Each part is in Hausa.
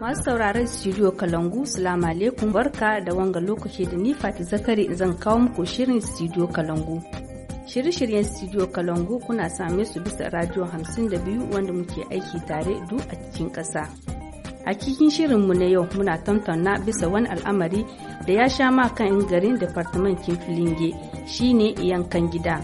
masu sauraron studio kalangu salamu alaikum barka da wanga lokaci da ni fati zakari zan kawo muku shirin studio kalangu shirye-shiryen studio kalangu kuna same su bisa radio 52 wanda muke aiki tare duk a cikin ƙasa a cikin shirinmu na yau muna tantanna bisa wani al'amari da ya sha ma kan garin kin filinge shine yankan gida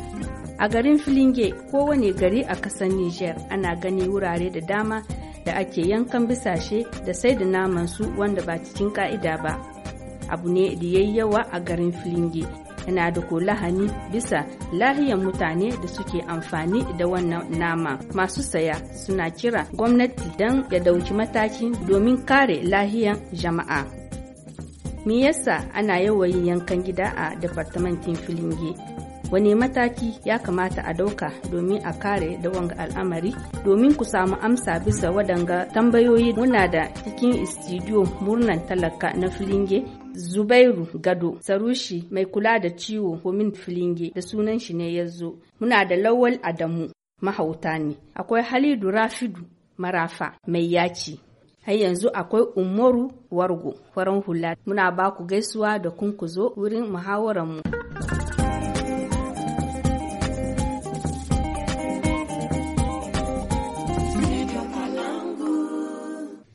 a garin filinge kowane gari a kasar niger ana gani wurare da dama da ake yankan bisashe da sai da naman su wanda ba cikin ka'ida ba abu ne da yayi yawa a garin filinge na da ko lahani bisa lahiyar mutane da suke amfani da wannan nama masu saya suna kira gwamnati don ya dauki mataki domin kare lahiyar jama'a me yasa ana yawan yankan gida a departamentin filinge wani mataki ya kamata a dauka domin a kare da wanga al'amari domin ku samu amsa bisa wadanga tambayoyi muna da cikin istidiyo murnan talaka na filinge zubairu gado sarushi mai kula da ciwo homin filinge da sunan shi ne ya zo muna da lawal adamu mahauta ne akwai halidu rafidu marafa mai yaci har yanzu akwai umaru wargo farin hula muna baku gaisuwa da kunkuzo wurin muhawararmu. mu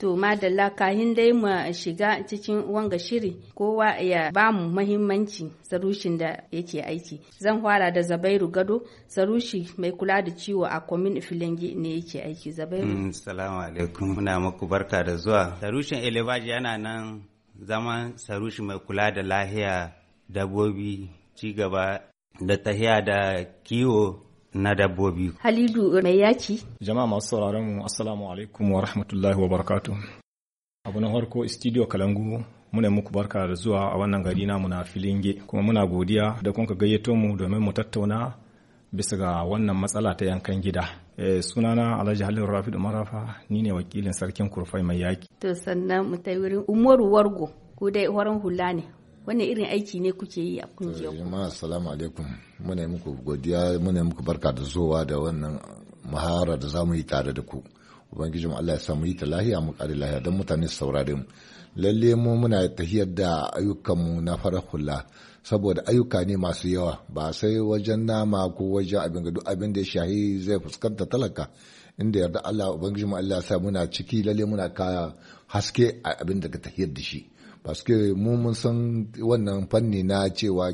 To madalla kahin dai ma shiga cikin wanga shiri kowa ya ba mu mahimmanci sarushin da yake aiki. Zan fara da Zabairu Gado sarushi mai kula da ciwo a Komin Filange ne yake aiki. Zabairu. Mm, salamu alaikum muna muku barka da zuwa. Sarushin Elevaji yana nan zama sarushi mai kula da lahiya dabobi ci gaba da tahiya da kiwo na dabbobi. Halidu mai yaki. Jama'a masu sauraron mu assalamu alaikum wa rahmatullahi wa barakatu. Abu na farko studio Kalangu muna muku barka da zuwa a wannan gari na muna Filinge kuma muna godiya da kun ka gayyato mu domin mu tattauna bisa ga wannan matsala ta yankan gida. E, sunana Alhaji Halilu Rafidu Marafa ni ne wakilin sarkin kurfai mai yaki. To sannan mu ta wurin Umaru Wargo ko dai horon hula ne wannan irin aiki ne kuke yi a kungiyar ku jama'a assalamu alaikum muna yi muku godiya muna yi muku barka da zuwa da wannan muhawara da zamu yi tare da ku ubangijin Allah ya sa mu yi ta lahiya mu kare lahiya don mutane su saurare mu lalle mu muna tahiyar da mu na farar hula saboda ayyuka ne masu yawa ba sai wajen nama ko wajen abin ga duk abin da ya shahi zai fuskanta talaka inda yarda Allah ubangijin Allah ya sa muna ciki lalle muna kaya haske a abin da ka tahiyar da shi paske mu mun san wannan fanni na cewa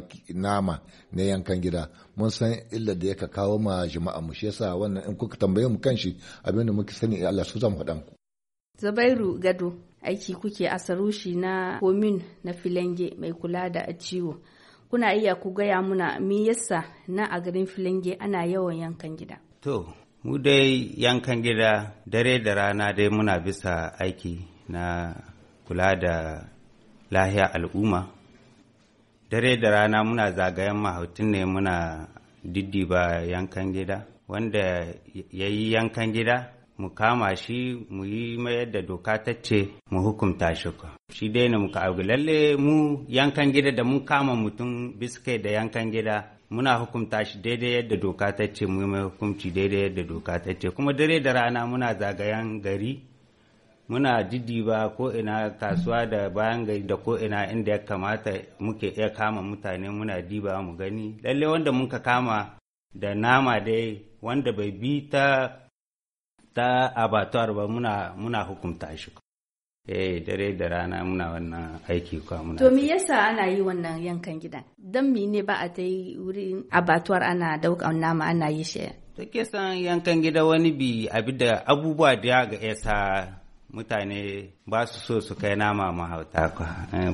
nama na yankan gida mun san illar da yaka kawo ma jama'a mu shi yasa wannan in kuka tambaye mu kanshi abin da muke sani Allah su zama faɗa ku Zubairu Gado aiki kuke a sarushi na komin na Filange mai kula da ciwo kuna iya ku gaya muna me yasa na a garin Filange ana yawan yankan gida to mu dai yankan gida dare da rana dai muna bisa aiki na kula da lahiya al'umma dare da rana muna zagayen mahautin ne muna diddiba yankan gida wanda ya yi yankan gida mu kama shi mu yi mayar da doka ta ce mu hukunta shi ka shi dai ne muka abu lalle mu yankan gida da mun kama mutum biskai da yankan gida muna hukunta shi daidai yadda doka ta ce mu yi mai hukunci daidai yadda doka ta ce kuma dare da rana muna zagayen gari muna didiba ko ina kasuwa da bayan gari da ko ina inda ya kamata muke iya kama mutane muna diba mu gani lalle wanda muka kama da nama dai wanda bai bi ta ta abatuwar ba muna muna hukunta shi eh dare da rana muna wannan aiki kuma muna to me yasa ana yi wannan yankan gidan dan me ne ba a ta yi wurin abatuwar ana daukan nama ana yi shi take san yankan gida wani bi abi abubuwa da ga yasa mutane ba su so su kai nama mahauta kwa.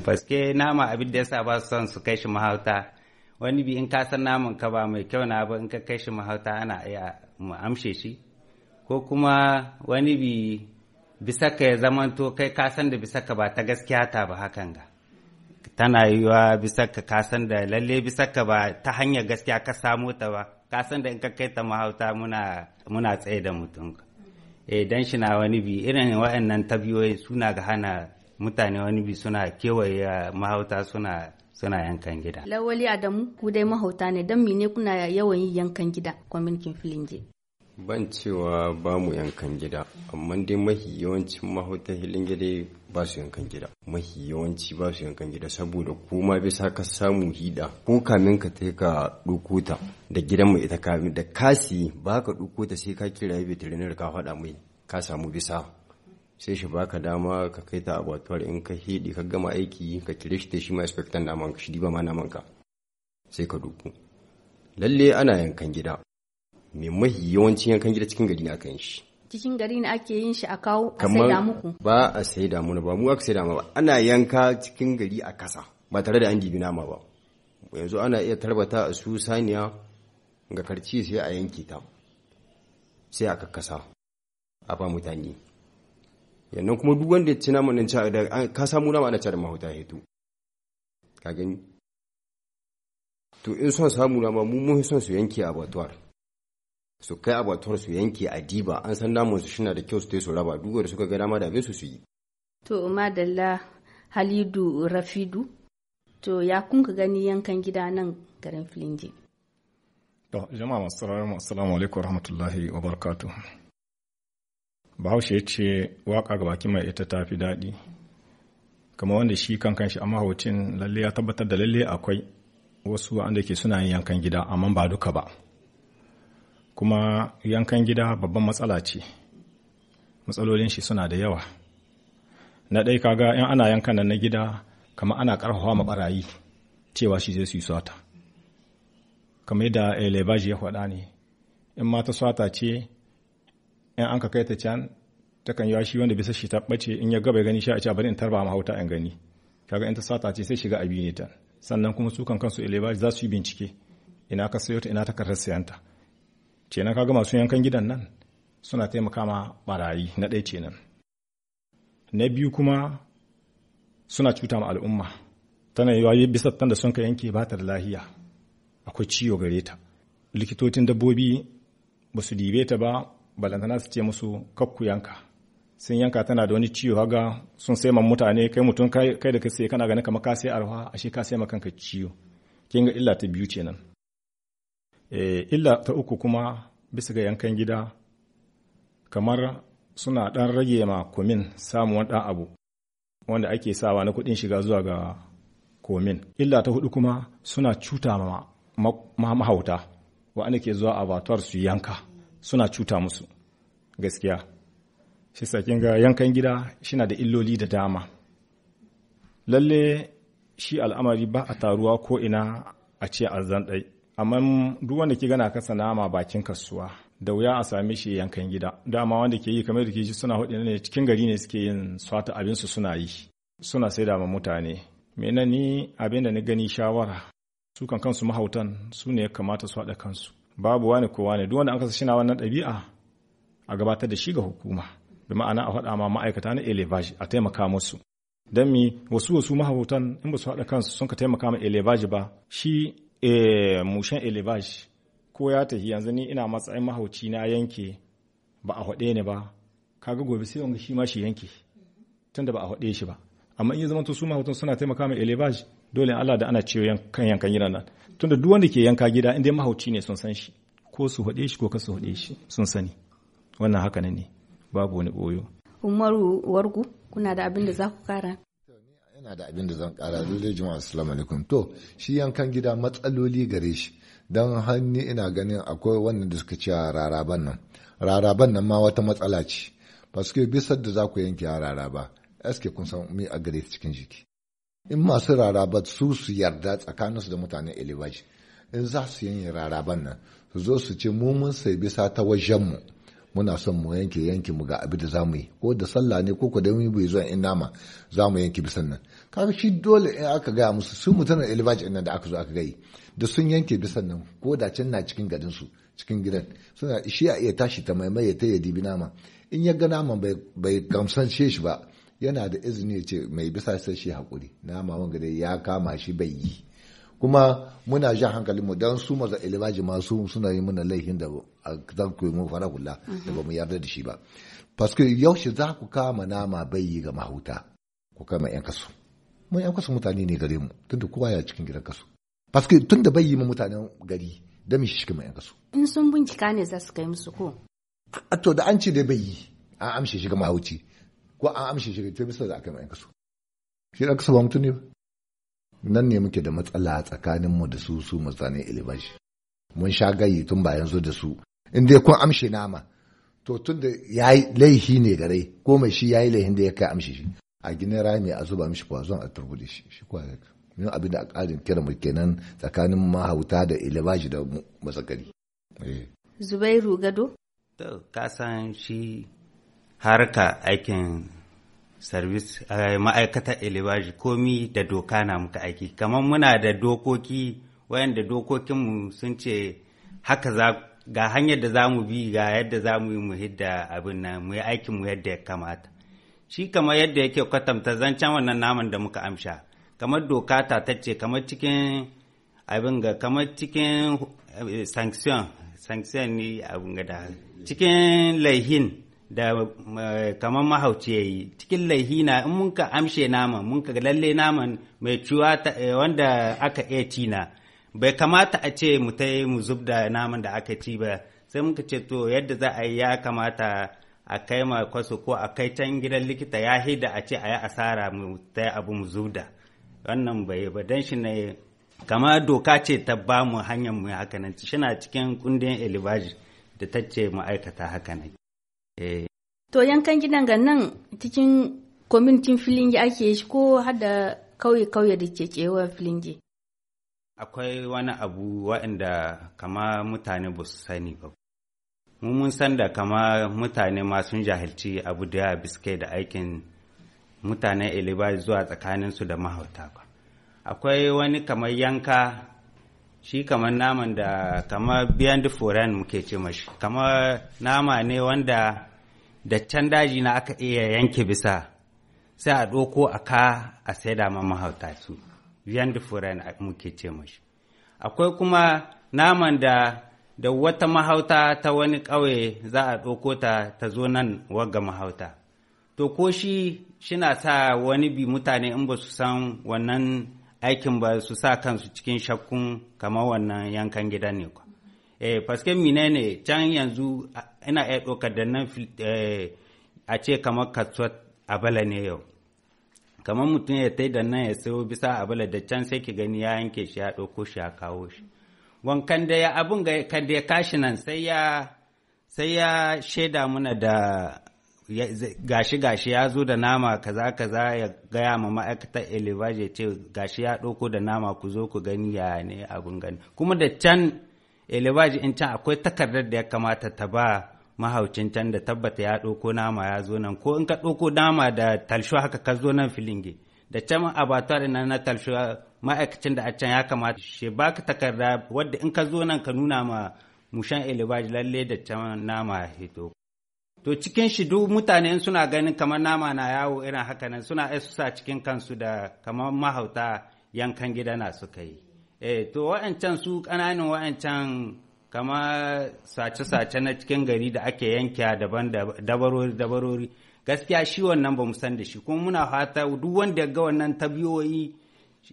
faske eh, nama abin da yasa ba su son su kai shi mahauta wani bi in ka san naman ka ba mai kyau na ba in ka kai shi mahauta ana iya mu shi ko kuma wani bi bisa ka ya zamanto kai ka san da bisa ka ba ta gaskiya ta ba hakan ga tana yiwa bisa ka ka san da lalle bisa ka ba ta hanyar gaskiya ka samu ta ba ka san da in ka kai ta mahauta muna muna tsaye da mutum eh dan shi na wani bi irin waɗannan tabiyoyi suna ga hana mutane wani bi suna kewaye ah, mahauta suna suna yankan gida. Lawali Adamu ku dai mahauta ne don mine kuna yawan yi yankan gida filin je. ban cewa ba mu yankan gida amma dai mahi yawancin mahauta hilin gida ba su yankan gida mahi yawanci ba su yankan gida saboda koma bisa ka samu hida ko kamin ka ta ka dukuta da gidan mu ita kamin da kasi ba ka dukuta sai ka kira veterinary ka faɗa mai ka samu bisa sai shi baka dama ka kai ta abatuwar in ka hidi ka gama aiki ka kire shi ta shi ma inspector da ka shi ba ma na manka sai ka duku lalle ana yankan gida mai mahi yawancin yankan gida cikin gari na aka yin shi cikin gari ne ake yin shi a kawo a saida muku ba a saida mu ba mu aka saida mu ba ana yanka cikin gari a kasa ba tare da an dibi nama ba yanzu ana iya tarbata a su saniya ga karci sai a yanke ta sai a kakkasa a ba mutane yannan kuma duk wanda ya ci naman nan ca da ka samu nama ana ca da mahuta hetu ka gani to in son samu nama mu mun son su yanke a batuwar su kai abatuwar su yanke a diba an san namun su shina da kyau su su raba duk da suka ga dama da su su yi to madalla halidu rafidu to ya kun ka gani yankan gida nan garin filinje to jama'a masu sauraron assalamu alaikum warahmatullahi wabarakatuh bahaushe ya ce waka ga baki mai ita ta fi daɗi kama wanda shi kan kanshi a mahaucin lalle ya tabbatar da lalle akwai wasu wanda ke suna yin yankan gida amma ba duka ba kuma yankan gida babban matsala ce matsalolin shi suna da yawa na ɗai kaga in ana yankan nan na gida kama ana ƙarfafa ma barayi cewa shi zai su yi swata kamar yadda elebaji eh, ya faɗa ne in ma ta swata ce in an ka kai ta can takan yawa shi wanda bisa shi ta ɓace in ya gaba gani shi a bari in tarba mahauta in gani kaga in ta sata ce sai shiga abi ne ta sannan kuma su kan kansu elebaji eh, za su yi bincike ina ka sayo ta ina ta karar sayanta kenan kaga masu yankan gidan nan suna taimaka ma barayi na ɗaya nan na biyu kuma suna cuta ma al'umma tana yi wayi bisa tanda sun ka yanke ba ta da lahiya akwai ciwo gare ta likitocin dabbobi ba su dibe ta ba balantana su ce musu kakku yanka sun yanka tana da wani ciwo haga sun sai man mutane kai mutum kai da ka kai kana gani kamar ka sai arha ashe ka sai kanka ciwo kin illa ta biyu nan Eh, illa ta uku kuma bisa ga yankan gida kamar suna ɗan rage ma komin samun ɗan abu wanda ake sawa na kuɗin shiga zuwa ga komin illa ta hudu kuma suna cuta ma mahauta wa'anda ke zuwa abatuwar su yanka suna cuta musu gaskiya shi sakin ga yankan gida shina da illoli da dama lalle shi al'amari ba a taruwa ko ina a ce arzan ɗai amma duk wanda ke gana kasa nama bakin kasuwa da wuya a same shi yankan gida dama wanda ke yi kamar da ke ji suna hudu ne cikin gari ne suke yin swata abin su suna yi suna sai ma mutane mena ni abin da ni gani shawara su kan kansu mahautan su ne ya kamata su haɗa kansu babu wani kowa ne duk wanda an kasa na wannan ɗabi'a a gabatar da shi ga hukuma bi ma'ana a faɗa ma ma'aikata na elevage a taimaka musu don mi wasu wasu mahautan in ba su haɗa kansu sun ka taimaka ma elevage ba shi eh mushen elevage ko ya tafi yanzu ni ina matsayin mahauci na yanke ba a haɗe ne ba kaga gobe sai wanga shi ma shi yanke tunda ba a haɗe shi ba amma in ya zama to su suna taimaka mai elevage dole Allah da ana ciwo kan yankan gidan nan tunda duk wanda ke yanka gida in dai mahauci ne sun san shi ko su haɗe shi ko ka su shi sun sani wannan haka ne babu wani ɓoyo. Umaru Wargu kuna da abin da za ku kara? ina da abin da zan kara lallai jima assalamu alaikum to shi yankan gida matsaloli gare shi don hannu ina ganin akwai wannan da suka ce raraban nan raraban nan ma wata matsala ce ba su bisar da za ku yanke raraba eske kun san mi a gare cikin jiki in masu raraba su su yarda tsakanin su da mutanen elibaji in za su yanke raraban nan su zo su ce mu mun sai bisa ta wajen mu muna son mu yanke yanki mu ga abin da mu yi ko da sallah ne ko ko da mu bai zuwa in nama mu yanke bisan nan kaga shi dole in aka gaya musu su mutanen elbaj nan da aka zo aka gayi da sun yanke bisan nan ko da can na cikin garin su cikin gidan suna shi a iya tashi ta maimaye ta ya dibi nama in ya ga naman bai gamsance shi ba yana da izini ya ce mai bisa sai shi hakuri nama wanga dai ya kama shi bai yi kuma muna jan hankali mu dan su maza ilibaji masu suna yi mana laifin da zan koyi mu fara kula da ba mu yarda da shi ba paske yaushe za ku kama nama bai yi ga mahuta ku kama yan kasu mun yan kwasa mutane ne gare mu tunda kowa ya cikin gidan kasu paske da bai yi ma mutanen gari da mishi cikin yan kasu in sun bincika ne za su kai musu ko a to da an ce dai bai yi an amshe shiga mahauci ko an amshe shiga ga to bisa da aka yi yan kasu shi da kasu ba mutum ne nan ne muke da matsala tsakanin mu da su su mutane ilibashi mun sha gayi tun ba yanzu da su in dai kun amshe nama to tun da ya yi laihi ne gare ko mai shi ya yi laihin da ya kai amshi shi a gina rami a zuba mishi kwazon a turbude shi shi kwaya yin abin da ƙarin mai kenan tsakanin mahauta da ilibaji da masakari eh. zubairu gado to ka san shi harka aikin service eh, ma'aikata ilibaji komi da doka na muka aiki kamar muna da dokoki wayanda dokokinmu sun ce haka za ga hanyar da za mu bi ga yadda za mu yi mu abin nan mu yi aikin mu yadda ya kamata shi kamar yadda yake kwatanta zancen wannan naman da muka amsha kamar doka ta ce kamar cikin abin ga kamar cikin eh, sanction sanction ni abin ga da cikin laihin da eh, kamar mahauci ya yi cikin laihina in mun ka amshe naman mun ka lalle naman mai ciwa eh, wanda aka iya tina bai kamata a ce mu ta mu zubda naman da aka ci ba sai mun ka ce to yadda za a yi ya kamata a kai ma kwaso ko a kai can gidan likita ya hida a ce a yi asara mu ta abu mu zuda wannan bai ba don shi ne kama doka ce ta ba mu hanyar mu haka nan na cikin kundin elibaji da ta ce ma'aikata haka nan eh. to yankan gidan ga nan cikin kwamitin filingi ake shi ko hada kauye-kauye da ke kewa filingi akwai wani abu waɗanda kama mutane ba su sani ba mu mun san da kama mutane masu jahilci abu da ya biske da aikin mutanen iliba zuwa tsakaninsu da mahauta ba akwai wani kamar yanka shi kamar naman da kamar biyan foreign muke ce mashi kamar nama ne wanda da can daji na aka iya yanke bisa sai a ɗoko a ka a saida ma mahauta su biyan foreign muke ce mashi akwai kuma naman da da wata mahauta ta wani ƙauye za a ɗauko ta ta zo nan wagga mahauta to ko shi shina sa wani bi mutane in ba su san wannan aikin ba su sa kansu cikin shakkun kamar wannan yankan gida ne kwa eh faske mine ne can yanzu ina iya ɗaukar da nan eh, a ce kamar kasuwar abala ne yau kamar mutum ya tai da nan ya sayo bisa abala da can sai ki gani ya yanke shi ya ɗauko shi ya kawo shi wankan da ya abin ga ya kashi nan sai ya sai ya shaida muna da gashi gashi ya zo da nama kaza kaza ya gaya ma ma'aikatar elevaje ce gashi ya ɗauko da nama ku zo ku gani ya ne abin gani kuma da can elevaje in can akwai takardar da ya kamata ta ba mahaucin can da tabbata ya ɗauko nama ya zo nan ko in ka ɗauko nama da talsho haka ka zo nan filinge da can abatuwa da na talsho ma'aikacin da a can ya kamata shi baka takarda wadda in ka zo nan ka nuna ma mushan elibaji lalle da can nama hito to cikin shi duk mutane suna ganin kamar nama na yawo irin haka nan suna ai sa cikin kansu da kamar mahauta yankan gida na suka yi eh to wa'ancan su ƙananan wa'ancan kamar sace-sace na cikin gari da ake yanke daban dabarori dabarori gaskiya shi wannan ba mu san da shi kuma muna fata duk wanda ya ga wannan tabiyoyi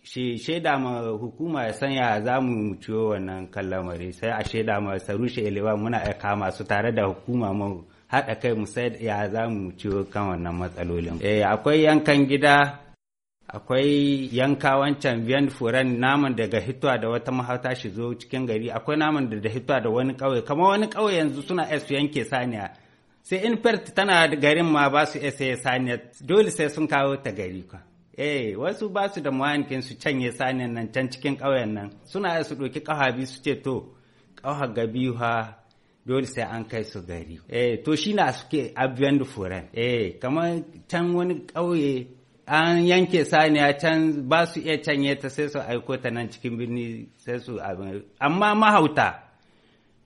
shi shaida ma hukuma ya sanya za mu ciwo wannan kallamari sai a shaida ma sarushe elewa muna aika masu tare da hukuma mu haɗa kai mu sai ya za mu ciwo kan wannan matsalolin eh akwai yankan gida akwai yanka wancan biyan furen naman daga hituwa da wata mahauta shi zo cikin gari akwai naman da hituwa da wani kauye kamar wani kauye yanzu suna su yanke saniya sai in tana garin ma ba su saniya dole sai sun kawo ta gari ka eh wasu ba su da mayankin su canye sanin nan can cikin ƙauyen nan suna su ɗauki biyu su ce to ƙaha ga biyu ha dole sai an kai su gari eh to shi na suke abiyan da furen eh kamar can wani ƙauye an yanke saniya can ba su iya canye ta sai su aiko ta nan cikin birni sai su amma mahauta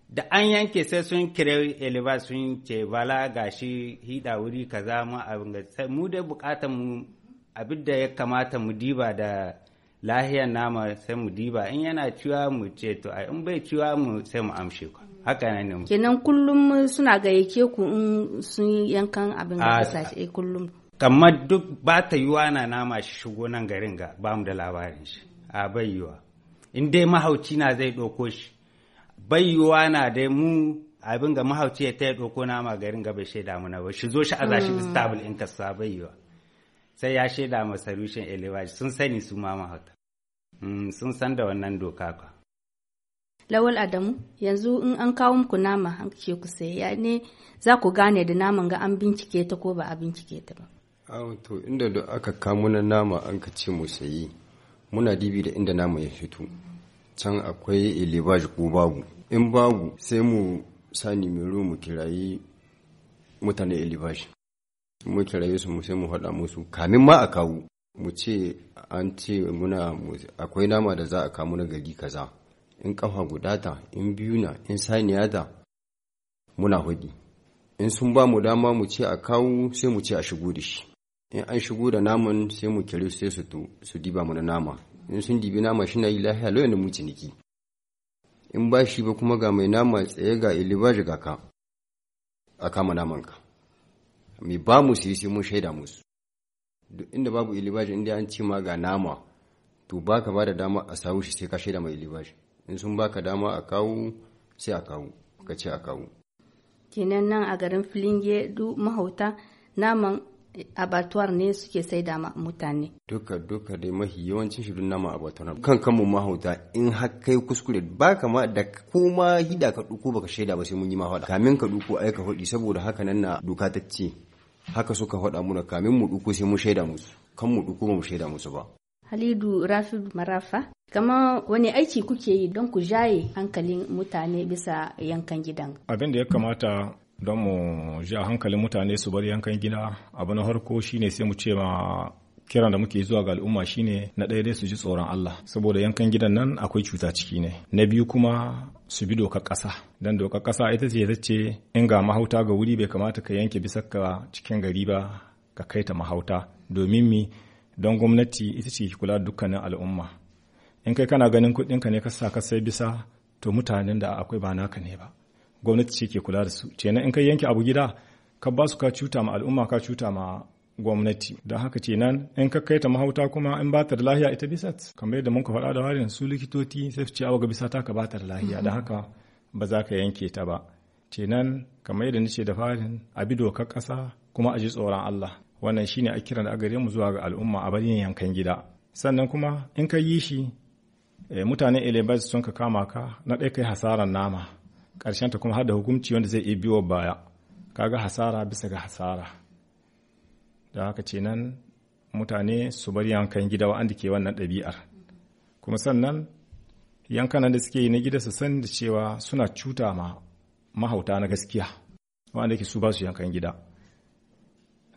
da an yanke sai sun kira eleva sun ce bala gashi hida wuri kaza mu abin mu dai bukatar mu abin da ya kamata mu diba da lahiyar nama sai mu diba in yana ciwa mu ce to in bai ciwa mu sai mu amshe ku haka ne mu kenan kullum suna gayyace ku in sun yankan abin da kasashe ah, eh, kullum kamar duk ba ta yiwa na nama shi shigo nan garin ga ba mu da labarin shi a ah, bai yiwa in dai mahauci na zai ɗauko shi bai yiwa na dai mu abin ga mahauci ya ta ya ɗauko nama garin ga bai shaida mana ba shi zo shi a zashi hmm. stable in sa, bai yiwa sai ya shaida ma solution elevaji sun sani su ma mahauta mm, sun san da wannan doka ka lawal adamu yanzu in an kawo muku nama an ce ku ya ne za ku gane da naman ga an bincike ta ko ba a bincike ta ba to inda da aka kamo na nama an ka ce mu sayi muna dibi da inda nama ya fito can akwai elevage ko babu in babu sai mu sani mai mu kirayi mutane elevage mun kiraye su mu sai mu faɗa musu kamin ma a kawo mu ce an ce muna akwai nama da za a kawo na gari kaza in kafa guda ta in biyu na in saniya ta muna hudi in sun ba mu dama mu ce a kawo sai mu ce a shigo da shi in an shigo da naman sai mu kiri sai su su diba mana nama in sun dibi nama shi na yi lahiya lauyan da mu ciniki in ba shi ba kuma ga mai nama tsaye ga ilibaji ga ka a kama naman ka mai ba mu su sai mun shaida musu duk inda babu ilibashi inda an ce ma ga nama to ba ka ba da dama a sawo shi sai ka shaida mai ilibashi in sun ba ka dama a kawo sai a kawo ka ce a kawo kenan nan a garin filinge du mahauta naman abatuwar ne suke sai da mutane duka duka dai mahi yawancin shi nama abatuwar kan kanmu mahauta in har kai kuskure ba kama da kuma hida ka duko baka shaida ba sai mun yi mahauta kamin ka duko ai ka hudi saboda haka nan na doka ta ce haka suka faɗa muna kamin mu ɗuko sai mu shaida musu kan mu ɗuko ba mu shaida musu ba Halidu rafi Marafa kama wani aiki kuke yi don ku jaye hankalin mutane bisa yankan gidan abin da ya kamata don mu ja hankalin mutane su bar yankan gida abu na harko shine sai mu ce ma kiran da muke zuwa ga al'umma shine na ɗaya dai su ji tsoron Allah saboda yankan gidan nan akwai cuta ciki ne na biyu kuma su bi dokar ƙasa dan dokar ƙasa ita ce ta ce in ga mahauta ga wuri bai kamata ka yanke bisa ka cikin gari ba ka kai ta mahauta domin mi don gwamnati ita ce kula dukkanin al'umma in kai kana ganin kuɗinka ne ka sa ka sai bisa to mutanen da akwai ba naka ne ba gwamnati ce ke kula da su kenan in kai yanke abu gida ka ba su ka cuta ma al'umma ka cuta ma gwamnati da haka ce nan in ka kai ta mahauta kuma in ba ta da lahiya ita bisat kamar yadda mun ka faɗa da warin su likitoci sai su ce awa ga bisa ta ka ba ta da lahiya da haka ba za ka yanke ta ba ce nan kamar yadda nace da farin a bi dokar ƙasa kuma a ji tsoron Allah wannan shine a kiran da gare mu zuwa ga al'umma a bari yankan gida sannan kuma in ka yi shi eh, mutanen elebas sun ka kama ka na ɗaya kai hasaran nama ƙarshen ta kuma har da hukunci wanda zai iya biyo baya kaga hasara bisa ga hasara da haka ce nan mutane su bar yankan gida wa'anda ke wannan ɗabi'ar kuma sannan yankan da suke yi na gida su san da cewa suna cuta ma mahauta na gaskiya wa'anda ke su ba su yankan gida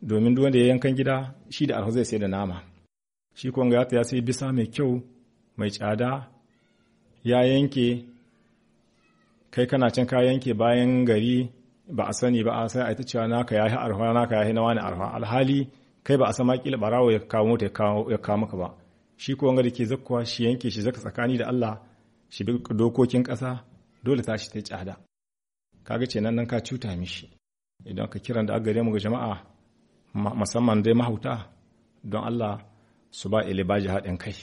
domin duk wanda ya yankan gida shi da alhazai sai da nama shi kwanga ya sai bisa mai kyau mai tsada ya yanke kai kana can ka yanke bayan gari ba a sani ba a sai a ita cewa naka yahi arha naka yahi na wani arha alhali kai ba a sama kila barawo ya kawo ta ya kawo maka ba shi ko wanga da zakkuwa shi yanke shi zaka tsakani da Allah shi bi dokokin ƙasa dole tashi ta tsada kaga ce nan nan ka cuta mishi idan ka kiran da agare mu ga jama'a musamman dai mahauta don Allah su ba ilibaji haɗin kai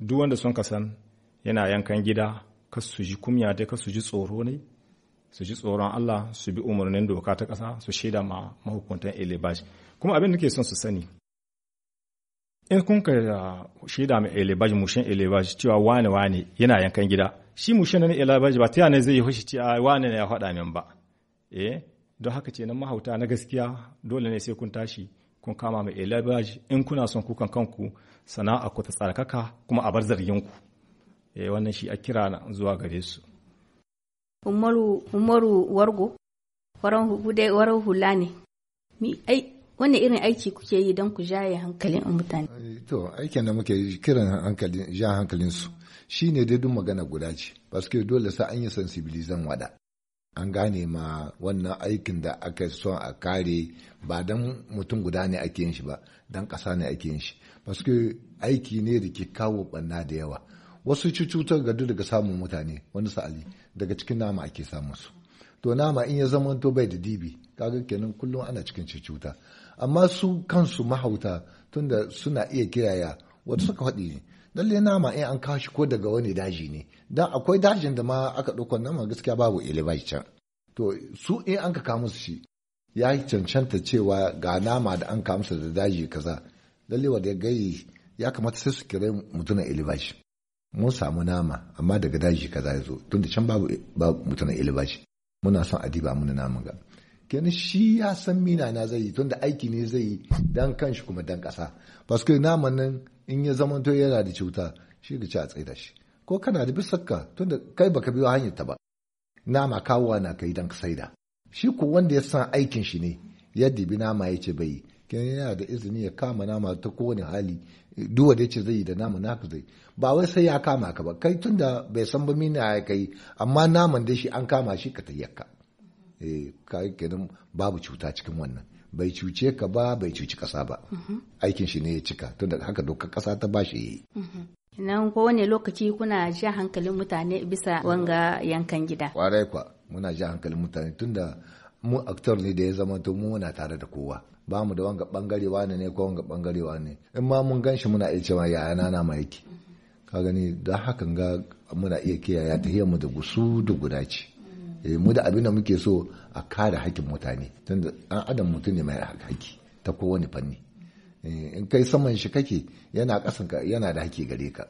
duk wanda sun san yana yankan gida su ji kumya dai su ji tsoro ne su ji tsoron Allah su bi umarnin doka ta ƙasa su shaida ma mahukuntan elebash kuma abin da ke son su sani in kun ka ah, shaida mai elebash mushin elebash cewa wane wane yana yankan gida shi mushin na elebash ba ta ne zai yi hushi cewa ah, wane ne ya faɗa min ba eh don haka ce nan mahauta na gaskiya dole ne sai kun tashi kun kama mai elebash in kuna son kukan kanku sana'a ku ta tsarkaka kuma a bar zargin ku eh wannan shi a kira zuwa gare su umaru wargo waran waran hula ne mi ai irin aiki kuke yi don ku jaye hankalin mutane to aikin da muke kiran hankalin ja hankalin su shine dai duk magana guda ce paske dole sa an yi sensibilizan wada an gane ma wannan aikin da aka son a kare ba don mutum guda ne ake yin shi ba don kasa ne ake yin shi aiki ne da ke kawo banna da yawa wasu cutar gadu daga samun mutane wani sa'ali daga cikin nama ake samun su to nama in ya zama to bai da dibi kaga kenan kullum ana cikin cuta amma su kansu mahauta tunda suna iya kiraya wata suka faɗi ne lalle nama in an kawo shi ko daga wani daji ne dan akwai dajin da ma aka ɗauko nama gaskiya babu ilibai to su in an ka kawo shi ya cancanta cewa ga nama da an kawo da daji kaza lalle wanda ya gayi ya kamata sai su kira mutuna ilibashi mun samu nama amma daga daji kaza ya zo tunda can babu mutanen ilibashi muna son adiba muna namun ga kenan shi ya san mina na zai yi tunda aiki ne zai yi dan kanshi kuma dan kasa paske naman nan in ya zamanto yana da cuta shi da ci a tsaida shi ko kana da bisakka tunda kai baka biyo hanyar ta ba nama kawowa na kai dan saida shi ko wanda ya san aikin shi ne Yadda bi nama ya ce bai kenan yana da izini ya kama nama ta kowane hali duk wanda ce zai yi da naman haka zai ba wai sai ya kama ka ba kai tunda bai san ba mina ya kai amma naman da shi an kama shi ka tayyaka eh kai kenan babu cuta cikin wannan bai cuce ka ba bai cuci kasa ba mm-hmm. aikin shi ne ya cika tunda haka doka kasa ta bashi yi mm-hmm. nan ko wani lokaci kuna ja hankalin mutane bisa wanga yankan gida kwarai kwa muna ja hankalin mutane tunda mu aktor ne da ya zama to mu muna tare da kowa ba mu da wanga bangare wane ne ko wanga bangare wane in ma mun ganshi muna iya cewa yaya na ma yake ka gani da hakan ga muna iya kiyaye ta mu da gusu da guda ce eh, mu da abin da muke so a kare hakkin mutane tunda an adam mutum ne mai haƙƙi ta kowane fanni eh, in kai saman shi kake yana ƙasan ka yana da haƙƙi gare ka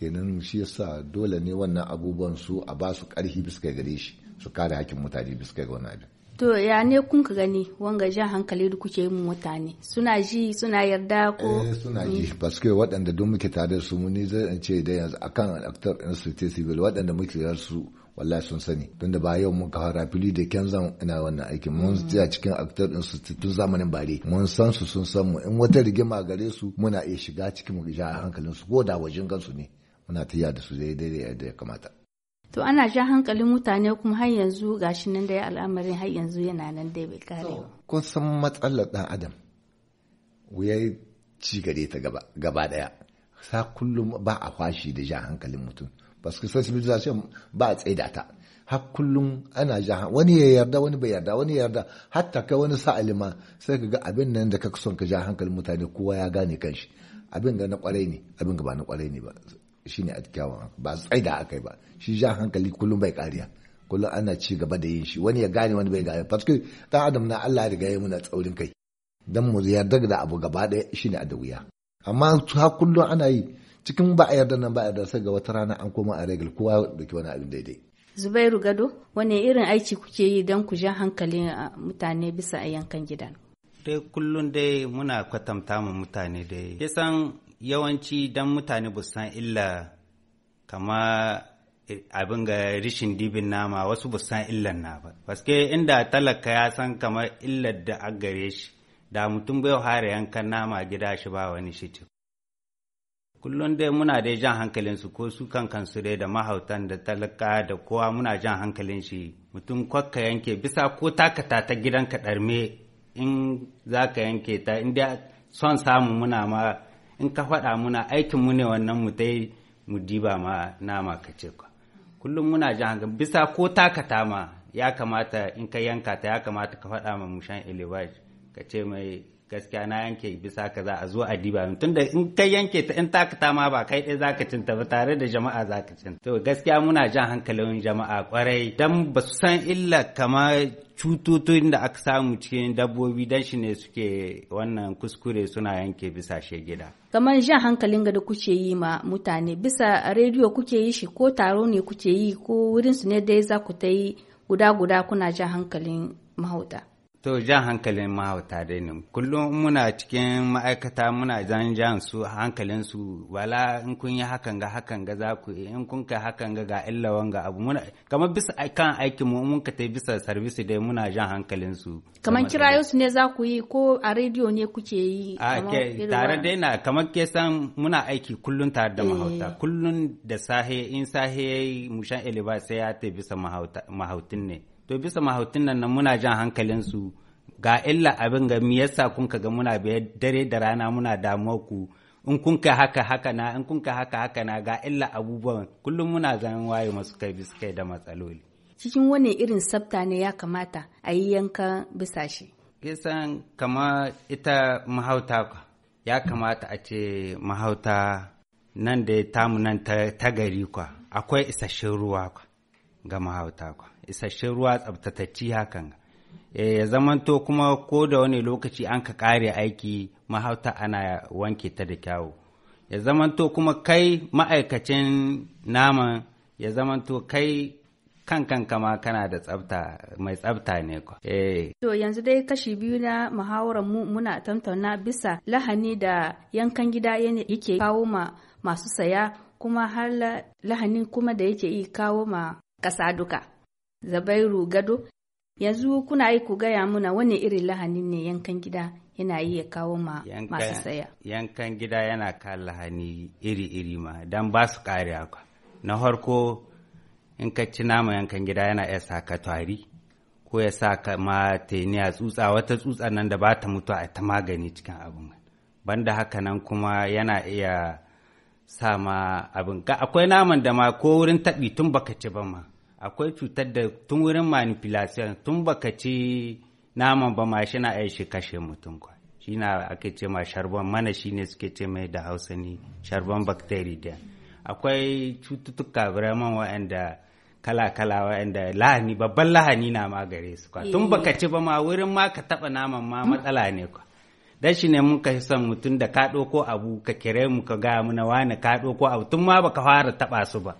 kenan shi yasa dole ne wannan abubuwan su a ba su ƙarfi bisa gare shi su kare hakkin mutane bisa ga wannan abin To ya ne kun ka gani wanga jan hankali da kuke yin mutane suna ji suna yarda ko eh suna ji mm. paske waɗanda duk muke tare su mu ne zan ce da yanzu akan actor in su te civil waɗanda muke tare su wallahi sun sani tunda ba yau mun fara fili da kenzan ina wannan aiki mun mm. tsaya cikin actor in su tun zamanin bare mun san su sun san mu in wata rigima gare su muna iya shiga cikin mu ja hankalin su ko da wajen gansu ne muna tiya da su daidai da ya kamata to ana ja hankalin mutane kuma har yanzu gashi nan dai al'amarin har yanzu yana nan dai bai kare ba. kun san matsalar dan adam wuyar ci gare ta gaba daya sa kullum ba a kwashi da ja hankalin mutum parce que sensibilisation ba a tsaida ta har kullum ana ja wani ya yarda wani bai yarda wani ya yarda hatta kai wani sa'ali ma sai ka ga abin nan da ka son ka ja hankalin mutane kowa ya gane kanshi abin ga na kwarai ne abin ga ba na kwarai ne ba ne a kyawun ba tsaida akai ba shi ja hankali kullum bai kariya kullum ana ci gaba da yin shi wani ya gane wani bai gane paske dan adam na Allah ya riga ya muna tsaurin kai dan mu yarda da abu gaba shi ne a da wuya amma ta kullum ana yi cikin ba a yarda nan ba a yarda sai ga wata rana an koma a regal kowa da ke wani abin daidai Zubairu Gado wani irin aiki kuke yi don ku ja hankalin mutane bisa a yankan gidan dai kullum dai muna kwatanta mu mutane dai kisan yawanci don mutane ba san illa kama eh, abin ga rishin dibin nama wasu ba san illan na ba paske inda talaka ya san kamar illar da a gare shi da mutum bai hare yankan nama gida shi ba wani shi kullum dai muna dai jan hankalinsu su ko su kan kansu dai da mahautan da talaka da kowa muna jan hankalin shi mutum kwakka yanke bisa ko takata ta gidanka ɗarme in za ka yanke ta inda son samu muna ma in ka faɗa muna aikin mu ne wannan mu dai mu diba ma nama ka ce ka kullum muna ji bisa ko takata ma ya kamata in ka yanka ta ya kamata ka faɗa ma mushan elevaj ka ce mai gaskiya na yanke bisa ka za a zo a diba min tunda in kai yanke ta in takata ma ba kai ɗaya zaka cin ta ba tare da jama'a zaka cin to gaskiya muna jan hankalin jama'a kwarai dan ba su san illa kamar cututun da aka samu cikin dabbobi dan shi ne suke wannan kuskure suna yanke bisa gida. kamar jan hankalin da kuke yi ma mutane bisa rediyo kuke yi shi ko taro ne kuke yi ko wurin su ne dai za ku ta yi guda guda kuna jan hankalin mahauta To jan hankalin mahauta dai ne. Kullum muna cikin ma'aikata muna jan jan su hankalin su wala in kun yi hakan ga hakan ga za ku in kun ka hakan ga ga illa wanga abu muna kamar bisa kan aikin mu mun ka bisa service dai muna jan hankalin su. Kamar kirayo su ne za ku yi ko a rediyo ne kuke yi? A ke tare dai na kamar ke san muna aiki kullum tare da mahauta eh. kullum da sahe in sahe mushan eliba sai ya tai bisa mahautin ne. to bisa mahautun nan muna jan hankalinsu ga illa abin ga me yasa kun ga muna bai dare da rana muna damuwa ku in kun ka haka haka na in kun ka haka haka na ga illa abubuwan kullum muna zan waye masu kai bisa kai da matsaloli cikin wani irin sabta ne ya kamata a yi yankan bisa shi kisan kama ita mahauta ya kamata a ce mahauta nan da tamu nan ta gari kwa akwai isasshen ruwa ga mahauta kwa isasshen ruwa tsabtatacci hakan eh, ya zamanto kuma ko da wani lokaci an ka kare aiki mahauta ana wanke ta da kyawu ya zamanto kuma kai ma'aikacin naman ya zamanto kai kan kan kama kana da tsabta mai tsabta ne ko. Eh. To yanzu dai kashi biyu na muhawarar mu muna tantauna bisa lahani da yankan gida yake kawo ma masu saya kuma har lahani kuma da yake yi kawo ma ƙasa duka. Zabairu Gado, yanzu kuna yi ku gaya muna wani irin lahani ne yankan gida yana yi ya kawo ma masu saya. Yankan gida yana ka lahani iri-iri ma don ba su kariya kwa. Na harko in ka ci nama yankan gida yana iya sa ka tari ko ya sa ka ma teniya tsutsa wata tsutsa nan da ba ta mutu a ta magani cikin abin. Banda haka nan kuma yana iya sa ma abin akwai naman da ma ko wurin taɓi tun baka ci ba ma. akwai cutar da tun wurin manipulation tun baka ci naman ba ma shi na ai shi kashe mutum kwa shi na ake ce ma sharban mana shi ne suke ce mai da hausa ne bakteri da akwai cututtuka vraiment waɗanda kala-kala waɗanda lahani babban lahani na ma gare su kwa tun baka ci ba ma wurin ma ka taba naman ma matsala ne kwa dan shi ne mun ka son mutum da ka ko abu ka kira mu ka gaya muna wani ka ɗauko abu tun ma baka fara taɓa su ba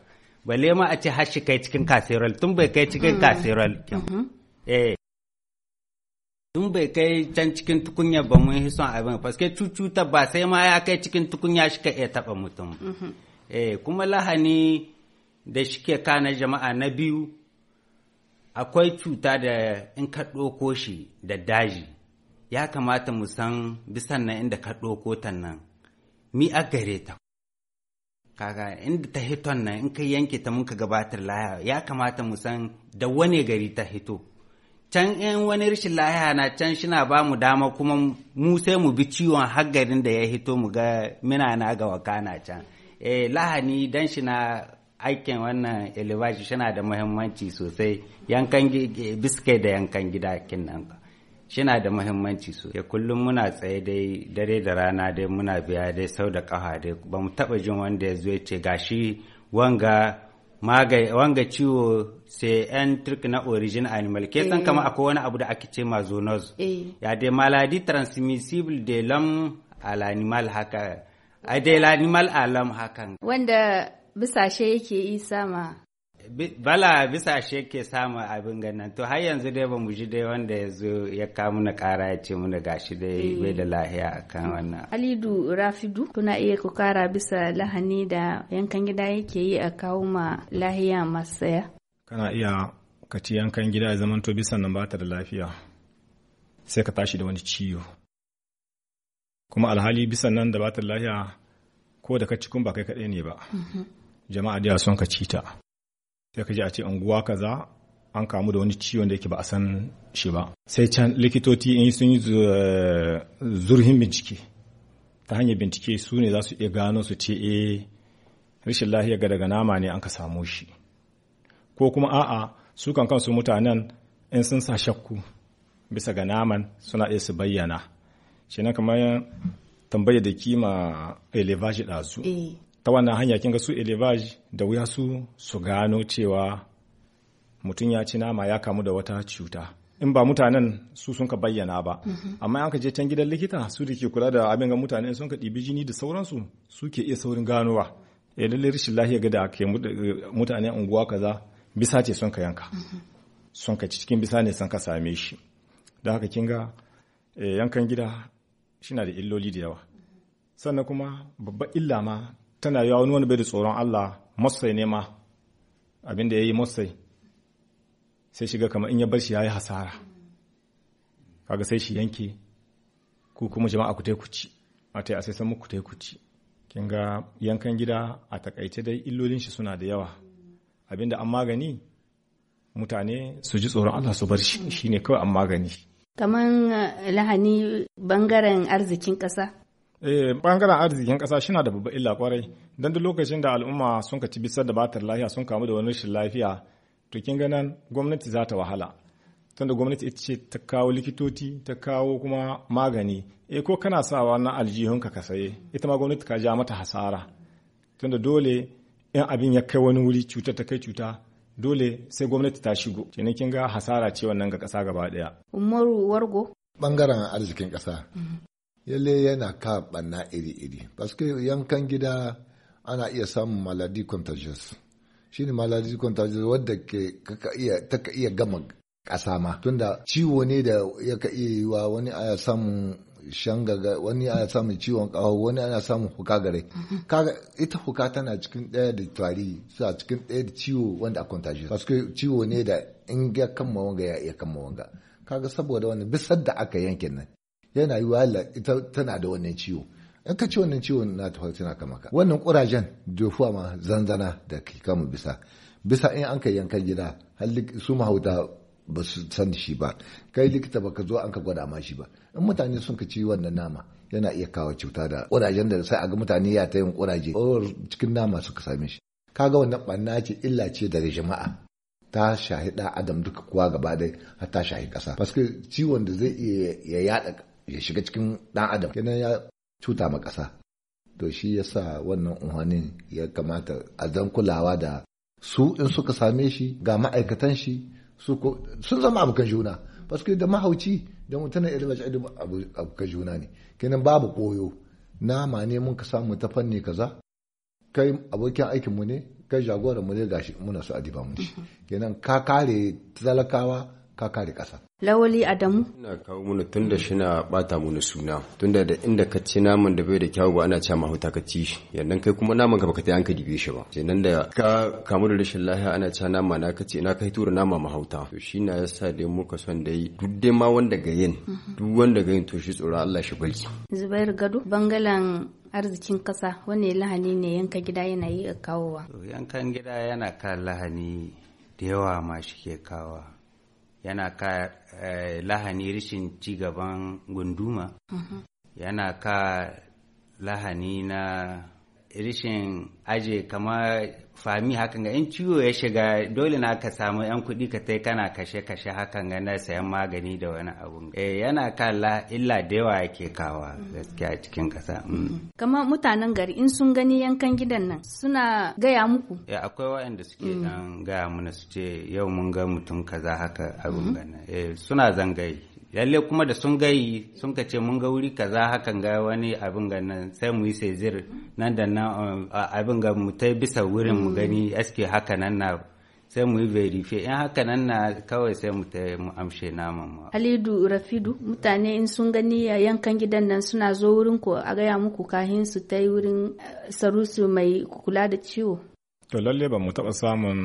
balle ma a ce har shi kai cikin casserole tun bai kai cikin mm-hmm. casserole mm-hmm. eh. tun bai kai can cikin tukunya ba mun yi son abin paske cucuta ba sai ma ya kai cikin tukunya shi ka iya taba mutum mm-hmm. eh kuma lahani da ke kana jama'a na biyu akwai cuta da in ka ɗoko shi da daji ya kamata mu san bisan na inda ka ɗoko ta nan mi a gare ta kaga inda ta hiton nan in ka yanke ta mun ka gabatar laya ya kamata mu san da wane gari ta hito can in wani rashin laya na can shina ba mu dama kuma mu sai mu bi ciwon haggarin da ya hito mu ga mina na ga wakana can eh lahani dan shi na aikin wannan elevation shina da muhimmanci sosai yankan biske da yankan gida kin nan ka shina da muhimmanci ya kullum muna tsaye dai dare da rana dai muna biya dai sau da ƙafa dai ba mu taɓa jin wanda ya zo ya ce gashi wanga magai wanga ciwo sai yan turk na origin animal ke san eh. kama akwai wani abu da ake ce ma zoonoz eh. ya dai maladi transmissible de lam al animal haka a dai animal alam hakan wanda bisashe yake isa ma bala bisa shi yake samu abin ganin to har yanzu dai ba mu ji dai wanda ya zo ya kawo na kara ya ce muna gashi dai eh. bai da lahiya kan wannan alidu rafidu kuna iya ku kara bisa lahani da yankan gida yake yi a kawo ma lahiya masu saya. kana iya ka ci yankan gida ya zamanto bisa nan ba ta da lafiya sai ka tashi da wani ciwo kuma alhali bisa nan da ba ta da lafiya ko da ka ci kun ba kai kaɗai ne ba mhm. jama'a da son ka ci ta sai ka je a ce unguwa kaza an kamu da wani ciwon da yake ba a san shi ba sai can likitoci in sun yi eh, zurhin bincike ta hanyar bincike su ne za su iya gano su ce e rashin lahiya ga daga nama ne an ka samu shi ko kuma a'a su kan kansu mutanen in sun sa shakku bisa ga naman suna iya su bayyana shi kamar tambaya da kima elevage ɗazu eh. ta wannan hanya kin ga su elevage da wuya su su gano cewa mutum ya ci nama ya kamu da wata cuta in ba mutanen su sun ka bayyana ba mm-hmm. amma an ka je can gidan likita su da ke kula da abin ga mutane sun ka ɗibi jini da sauransu su ke iya saurin ganowa ya eh, lalle rashin lahiya ga da ke mutane unguwa kaza bisa ce sun ka yanka mm-hmm. sun ka cikin bisa ne sun ka same shi da haka kin eh, yankan gida shi na da illoli da yawa sannan kuma babba illa ma tana yawa wani wani bai da tsoron Allah masai ne ma abin da ya yi masai sai shiga kamar in ya bar shi ya yi hasara kaga sai shi yanke ku kuma jama'a ku taikuci a ta sai san muku taikuci kin ga yankan gida a takaice dai illolin shi suna da yawa abin da an magani mutane su ji tsoron Allah su bar shi shine kawai an magani kaman eh, lahani bangaren arzikin ƙasa bangaren eh, arzikin kasa shi da babba illa kwarai don duk lokacin da al'umma sun ci bisar da batar lafiya sun kamu da wani rashin lafiya to kin ganin gwamnati za ta wahala tunda gwamnati ita ce ta kawo likitoci ta kawo kuma magani e ko kana sawa na aljihunka ka saye ita ma gwamnati ka ja mata hasara tunda dole in abin ya kai wani wuri cuta ta kai cuta dole sai gwamnati ta shigo kenan kin ga hasara ce wannan ga kasa gaba daya umaru wargo bangaren arzikin kasa mm-hmm. yalle yana ka banna iri-iri paske yankan gida ana iya samun maladi contagious shi ne maladi contagious wadda ta ka iya gama ƙasa ma tunda ciwo ne da ya ka iya yi wa wani aya samun shangaga wani aya samun ciwon ƙaho wani ana samun huka gare mm-hmm. ita huka tana cikin ɗaya da tari a cikin ɗaya da ciwo wanda a contagious paske ciwo ne da in ya kama wanga ya iya kama wanga kaga saboda wani bisar da aka yanke nan yana yi wahala ita tana da wannan ciwo in ka ci wannan ciwon na ta tana kama ka wannan kurajen dofuwa ma zanzana da ke kama bisa bisa in an kai yankan gida su mahauta ba su san shi ba kai likita ba ka zo an ka gwada ma shi ba in mutane sun ka ci wannan nama yana iya kawo cuta da kurajen da sai a ga mutane ya ta yin kuraje cikin nama suka same shi kaga wannan banna ce illa ce da jama'a ta shahi adam duka kuwa gaba dai har ta shahi ƙasa. Paske ciwon da zai iya yaɗa ya shiga cikin ɗan adam kenan ya cuta ma ƙasa to shi ya sa wannan unhanin ya kamata a zan kulawa da su in suka same shi ga ma'aikatan shi sun zama abokan juna kai da mahauci da mutum ilimin shaɗin abokan juna ne kenan babu koyo nama ne mun ka samu ta fanni kaza kai abokin aikinmu ne kai jagoran mu ne gashi muna su adiba mun shi mm-hmm. kenan ka kare talakawa ka kare ƙasa. Lawali Adamu. Ina kawo mana tun da shi na bata mana suna tun da inda ka ci naman da bai da kyawu ba ana cewa mahauta ka ci shi yannan kai kuma naman ka baka ta yanka dibe shi ba kenan da ka kamu da rashin lafiya ana cewa nama na ka ce na kai tura nama mahauta to shi na yasa dai muka son dai duk dai ma wanda ga yin mhm. duk wanda ga yin to shi tsoro Allah shi bari. Zubair Gado bangalan arzikin kasa wani lahani ne yanka gida yana yi a kawowa. Yankan gida yana kan lahani da yawa ma shi ke kawowa. yana ka eh, lahani rashin cigaban gunduma mm-hmm. yana ka lahani na rishin aje kamar fami hakan ga in ciwo ya shiga dole na ka samu yan kuɗi ka tai kana kashe kashe hakan ga na sayan magani da wani abu eh yana kalla illa da yawa yake kawa gaskiya a cikin ƙasa mm. kama mutanen gari in sun gani yankan gidan nan suna gaya muku eh akwai waɗanda suke dan mm. gaya mana su ce yau mun ga mutum kaza haka abun mm-hmm. gana eh suna zangayi lalle kuma da sun gayi sun ka ce mun ga wuri kaza hakan ga wani abin ga nan sai mu yi sezir nan da nan um, abin ga mu ta bisa wurin mu gani aske haka nan na sai mu yi verife in haka nan na kawai sai mu ta mu amshe naman mu Halidu Rafidu mutane in sun gani a yankan gidan nan suna zo wurin ko a gaya muku kahin su ta wurin eh, sarusu mai kula da ciwo to lalle ba mu taba samun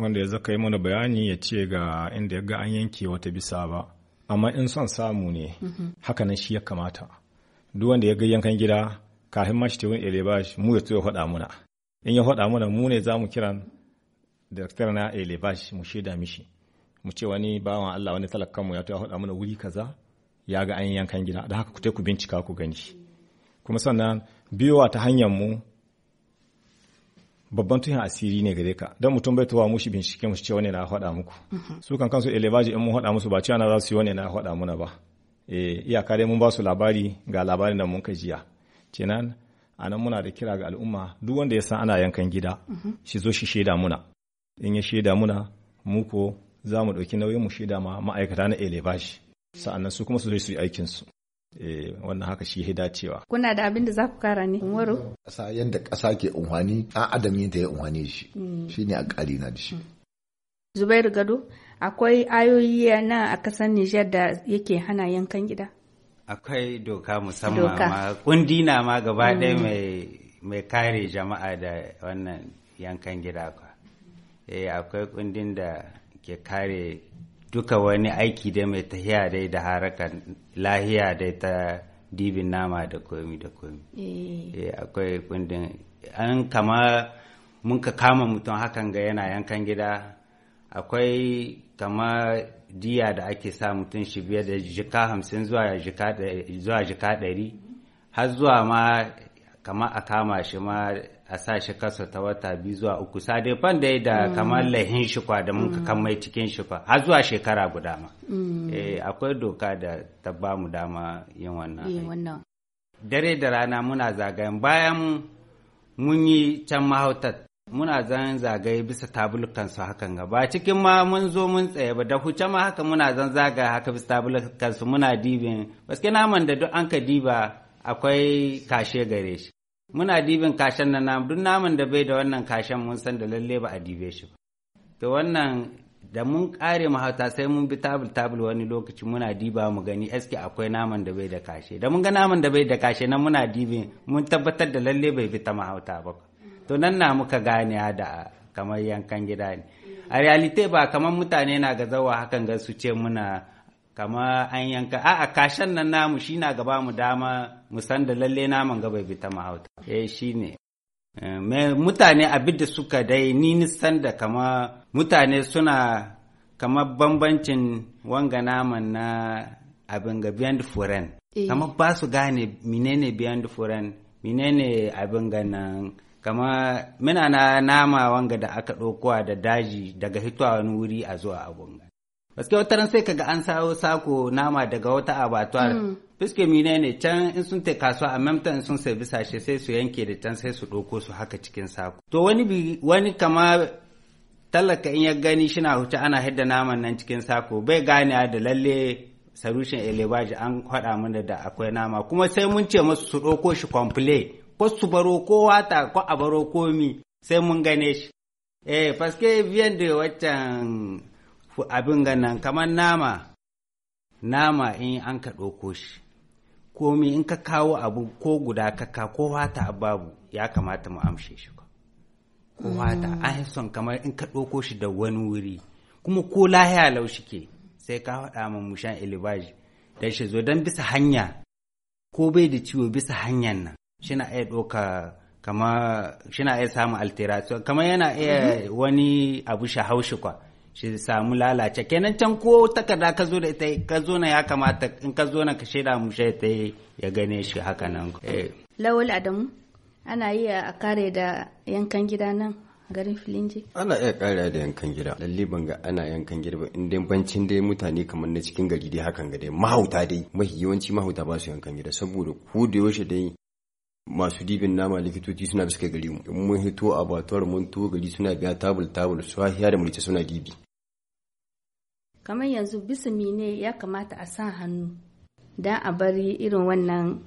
wanda ya zaka yi mana bayani ya ce ga inda ya ga an yanke wata bisa ba amma in son samu ne haka hakanan shi ya kamata duk wanda ya ga yankan gida kafin ma shi tewin elebash mu ya ya faɗa muna in ya faɗa muna mu ne za mu kiran daktar na elebash mu shaida mishi mu ce wani bawan Allah wani talakkanmu ya ya faɗa muna wuri kaza ya ga an yankan gida da haka ku ku bincika ku gani kuma sannan biyowa ta hanyar mu babban tuhin asiri ne gare ka don mutum bai tawa mushi bincike mushi ce wani na faɗa muku mhm. su kan kansu elevaji in mun faɗa musu ba cewa na za su yi wani na faɗa muna ba eh iyaka dai mun ba su labari ga labarin da mun ka jiya kenan anan muna da kira ga al'umma duk wanda ya san ana yankan gida mhm. shi zo shi shaida muna in ya shaida muna mu ko za mu ɗauki nauyin mu shaida ma ma'aikata na elevaji sa'annan su kuma su zo su yi su. eh wannan haka shi ya dacewa kuna da abin da za ku kara ne umaru ƙasa yadda ƙasa ke unhwani ɗan adam yadda ya unhwani mm. shi ne a ƙari na da shi mm. zubairu gado akwai ayoyi na a ƙasar Nijar da yake hana yankan gida akwai doka musamman ma kundi na ma gaba ɗaya mm. mai mai kare jama'a da wannan yankan gida kwa eh akwai kundin da ke kare duka wani aiki dai mai tahiya dai da haraka lahiya dai ta dibin nama da komi da komi eh. Eh, akwai kundin an kama mun ka kama mutum hakan ga yana yankan gida akwai kama diya da ake sa mutum shi biyar da jika hamsin zuwa jika ɗari har zuwa ma kama a kama shi ma a sa shi kasa ta wata biyu zuwa uku fan da da mm. kamar lahin shi kwa da mun mm. kan mai cikin shi kwa har zuwa shekara guda ma mm. eh, akwai doka da ta ba mu dama yin wannan dare da rana muna zagayen bayan mun yi can mahautar muna zan zagaye bisa su hakan ga ba cikin ma mun zo mun tsaye ba da huce ma haka muna zan zagaye haka bisa su muna dibin baske naman da duk an ka diba akwai kashe gare shi muna dibin kashen na namu duk naman da bai da wannan kashen mun san da lalle ba a dibe shi ba to wannan da mun kare mahauta sai mun bi tabul tabul wani lokaci muna diba mu gani eske akwai naman da bai da kashe da mun ga naman da bai da kashe nan muna dibin mun tabbatar da lalle bai bi ta mahauta ba to nan na muka gane da kamar yankan gida ne a realite ba kamar mutane na gazawa hakan ga su ce muna kama an yanka a'a kashen nan namu shi na gaba mu dama mu san da lalle naman gaba bai ta mahauta eh shi ne eh, mutane abin da suka dai ni nisan da kama mutane suna kama bambancin wanga naman na abin ga beyond foreign eh. kama ba su gane menene beyond foreign menene abin ga nan kama muna na nama wanga da aka ɗaukowa da daji daga hitowa wani wuri a zuwa abun Baske wata ran sai kaga an sawo sako nama daga wata abatuwar. Mm. Fiske mine ne can in sun ta kasuwa a memta in sun sai bisashe sai su yanke da can sai su ɗauko su haka cikin sako. To wani bi wani kama tallaka in ya gani shina huce ana hidda naman nan cikin sako bai gane da lalle sarushin elebaji an faɗa mana da akwai nama kuma sai mun ce masu su ɗauko shi kwamfule ko su baro ko wata ko a baro komi sai mun gane shi. Eh, faske biyan da waccan abin ganin kamar nama nama in an ka ɗauko shi komi in ka kawo abu ko guda kaka ko wata babu ya kamata mu amshe shi ko wata mm. an son kamar in ka ɗauko shi da wani wuri kuma ko lahiya laushi ke sai ka faɗa ma mushan ilibaji da shi zo don bisa hanya ko bai da ciwo bisa hanyar nan shina iya ɗauka kama shina iya samun alteration Kamar yana iya mm-hmm. wani abu shahaushi kwa shi samu lalace kenan can ko takarda ka zo da ita ka zo na ya kamata in ka zo na ka shaida mu ta ya gane shi haka nan eh. lawal adamu ana iya a kare da yankan gida nan garin filinji ana iya kare da yankan gida lalle ban ga ana yankan gida ba in bancin dai mutane kamar na cikin gari dai hakan ga dai mahauta dai mahi yawanci mahauta ba su yankan gida saboda ko da yaushe dai masu dibin nama likitoci suna biska gari mu in mun hito a batuwar mun to gari suna biya tabul tabul su da mulce suna dibi kamar yanzu bisimi ne ya kamata a sa hannu don a bari irin wannan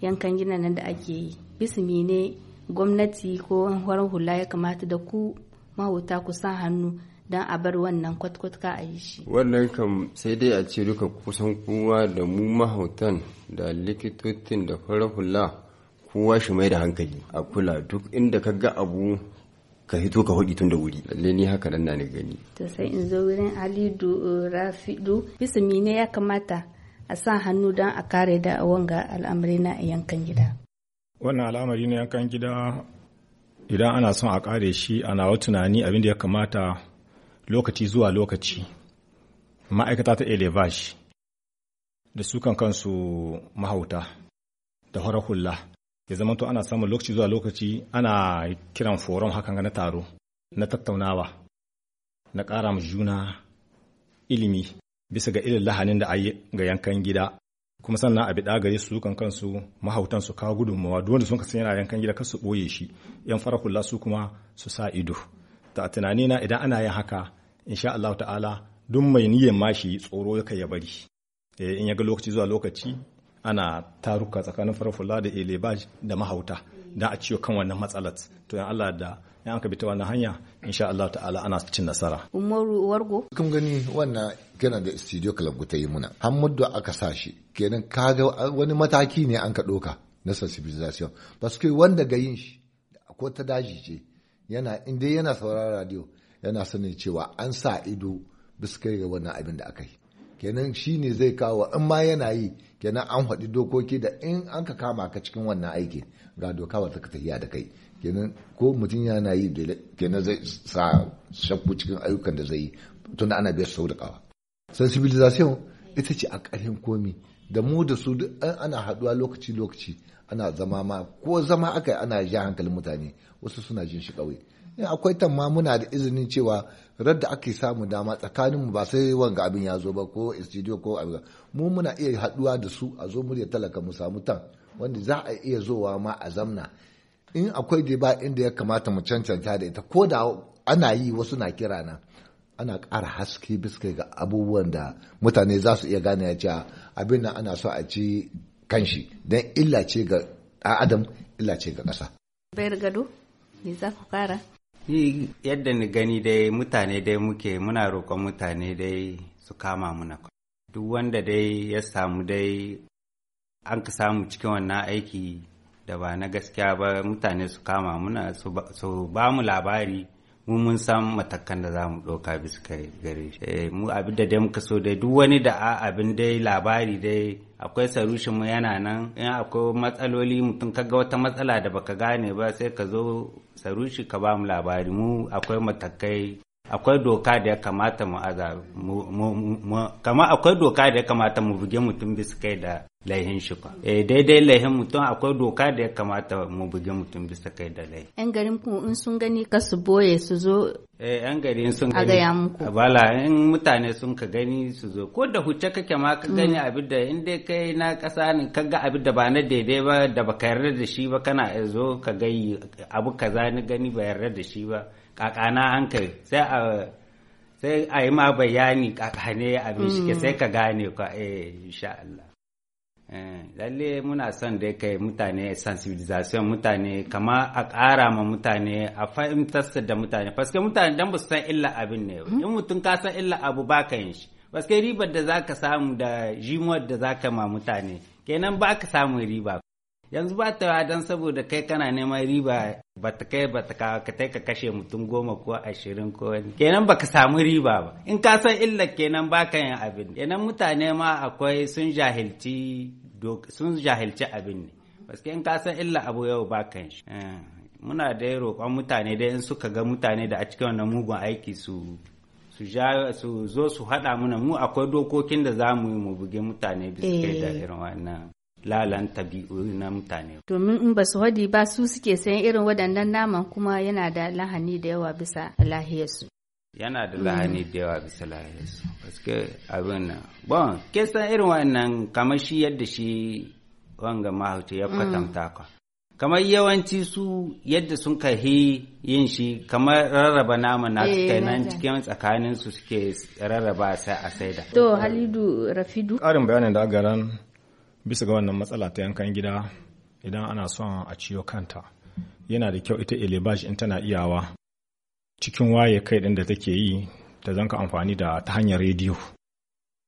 yankan gina nan da ake yi bisimi ne gwamnati ko horon hula ya kamata da ku mahuta ku sa hannu don a bar wannan kwatkwatka a yi shi. Wannan kam sai dai a ce duka kusan kowa da mu mahautan da likitocin da fara hula kowa shi mai da hankali a kula duk inda ka ga abu ka hito ka hudu tun da wuri lalle ni haka nan na ni gani to sai in zo wurin alidu eh, rafidu bismi ne ya kamata a sa hannu don a kare da wanga al'amari na a yankan gida wannan al'amari na yankan gida idan ana son a kare shi ana wa tunani abin da ya kamata lokaci zuwa lokaci ma'aikata ta elevash da sukan kansu mahauta da hula ya zama to ana samun lokaci zuwa lokaci ana kiran forum hakan ga na taro na tattaunawa na ƙara mu juna ilimi bisa ga irin lahanin da a yi ga yankan gida kuma sannan a bi gare su kan kansu mahautan su kawo gudunmawa duk wanda sun kasance yana yankan gida kar su ɓoye shi yan farakulla su kuma su sa ido ta na idan ana yin haka insha Allah ta'ala duk mai niyyar mashi tsoro yaka ya bari eh, in ya ga lokaci zuwa lokaci ana taruka tsakanin farar da elebaj da mahauta da a ciyo kan wannan matsalat to yan Allah da yan aka bi ta wannan hanya insha Allah ta'ala ana cin nasara Umaru Wargo kun gani wannan kiran da studio club ta yi muna Hamadu aka sa shi kenan kaga wani mataki ne an ka doka na sensibilization basu wanda ga yin shi ko ta daji ce yana inda yana sauraron radio yana sanin cewa an sa ido bisa kai ga wannan abin da aka yi kenan shi ne zai kawo in ma yana yi kenan an haɗi dokoki da in an ka kama ka cikin wannan aiki ga doka wata ka tafiya da kai kenan ko mutum yana yi kenan zai sa shakku cikin ayyukan da zai yi tunda ana biyar sau da kawa sensibilization ita ce a ƙarfin komi da mu da su ana haɗuwa lokaci lokaci ana zama ma ko zama aka ana ja hankalin mutane wasu suna jin shi ƙauye Eh, akwai tamma muna da izinin cewa radda ake samu dama tsakanin mu ba sai wanga abin ya zo ba ko studio ko abin mu muna iya haduwa da su a zo murya talaka mu samu tan wanda za a iya zowa ma a zamna in akwai da ba inda ya kamata mu cancanta da ita ko da ana yi wasu na kira na ana ƙara haske biskai ga abubuwan da mutane za su iya gane ya ce abin nan ana so a ci kanshi don illa ce ga adam illa ce ga ƙasa. Bayar gado, me za ku kara? Ni yadda ni gani dai mutane dai muke muna roƙon mutane dai su kama muna. Duk wanda dai ya samu dai an ka samu cikin wannan aiki da ba na gaskiya ba mutane su kama muna su ba mu labari. mu mun san matakan da za mu ɗauka bisa gare shi eh, mu abin da dai muka so dai duk wani da a abin dai labari dai akwai sarushin mu yana nan in akwai matsaloli mutum ga wata matsala da baka gane ba sai ka zo sarushi ka ba mu labari mu akwai matakai akwai doka da ya kamata mu aza kama akwai doka da ya kamata mu buge mutum bisa kai da laihin shi ba eh daidai laihin mutum akwai doka da ya kamata mu bugi mutum bisa kai da laihin. yan garin ku in sun gani ka su boye su zo eh yan gari sun gani a gaya muku bala in mutane sun ka gani su zo ko da huce kake ma ka gani mm. abin da in dai kai na kasa ne ka ga abin da ba na daidai ba da baka yarda da shi ba kana zo ka gai abu kaza ni gani ba yarda da shi ba kakana an kai sai a sai a yi ma bayani kakane abin shi ke mm. sai ka gane ka eh insha Allah Eh, lalle muna son dai kai mutane sensibilisation mutane kama a ƙara ma mutane a fahimtar da mutane paske mutane dan ba su san illa abin ne mhm. in mutum ka san illa abu ba ka yin shi paske ribar da za ka samu da jimuwar da za ka ma mutane kenan ba ka samun riba yanzu ba ta don saboda kai kana neman riba ba ta kai ba ta kawo ka ka kashe mutum goma ko ashirin ko wani kenan ba ka samu riba ba in ka san illa kenan ba ka yin abin kenan mutane ma akwai sun jahilci sun jahilci abin ne paske in ka san illa abu yau ba ka shi eh, muna da roƙon mutane dai in suka ga mutane da a cikin wannan mugun aiki su su su zo su haɗa muna mu akwai dokokin da za mu yi mu buge mutane bisa kai da eh. irin wannan lalan tabi'u na mutane. Domin in ba su hadi ba su suke sayan irin waɗannan naman kuma yana da lahani da yawa bisa lahiyarsu. Yana da lahani da yawa bisa lahiyarsu. Paske abin nan. Bon, ke san irin wannan kamar shi yadda shi wanga mahauta ya mm. kwatanta ka. Kamar yawanci su yadda sun kahi yin shi kamar rarraba nama na su eh, kai nan cikin tsakanin su suke rarraba sai a saida. To Halidu Rafidu. Ƙarin bayanin da ran bisa ga wannan matsala ta yankan gida idan ana son a ciyo kanta yana da kyau ita elebaj in tana iyawa cikin waye kai ɗin da take yi ta zanka amfani da ta hanyar rediyo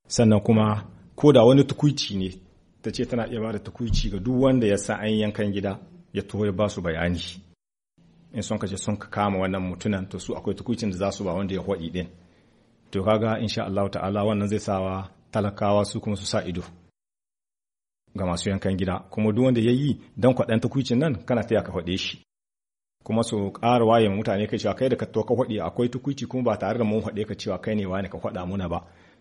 sannan kuma ko da wani tukuici ne ta ce tana iya ba da tukuici ga duk wanda ya sa an yankan gida ya tuho ya ba su bayani in son kace sun kama wannan mutunan to su akwai tukuicin da za su ba wanda ya hwaɗi ɗin to kaga insha Allah ta'ala wannan zai sawa talakawa su kuma su sa ido ga masu yankan gida kuma duk wanda ya yi don kwaɗan takwicin nan kana taya ka faɗe shi kuma su ƙara waye mutane kai cewa kai da ka to ka faɗi akwai tukwici kuma ba tare da mun faɗe ka cewa kai ne wani ka faɗa muna ba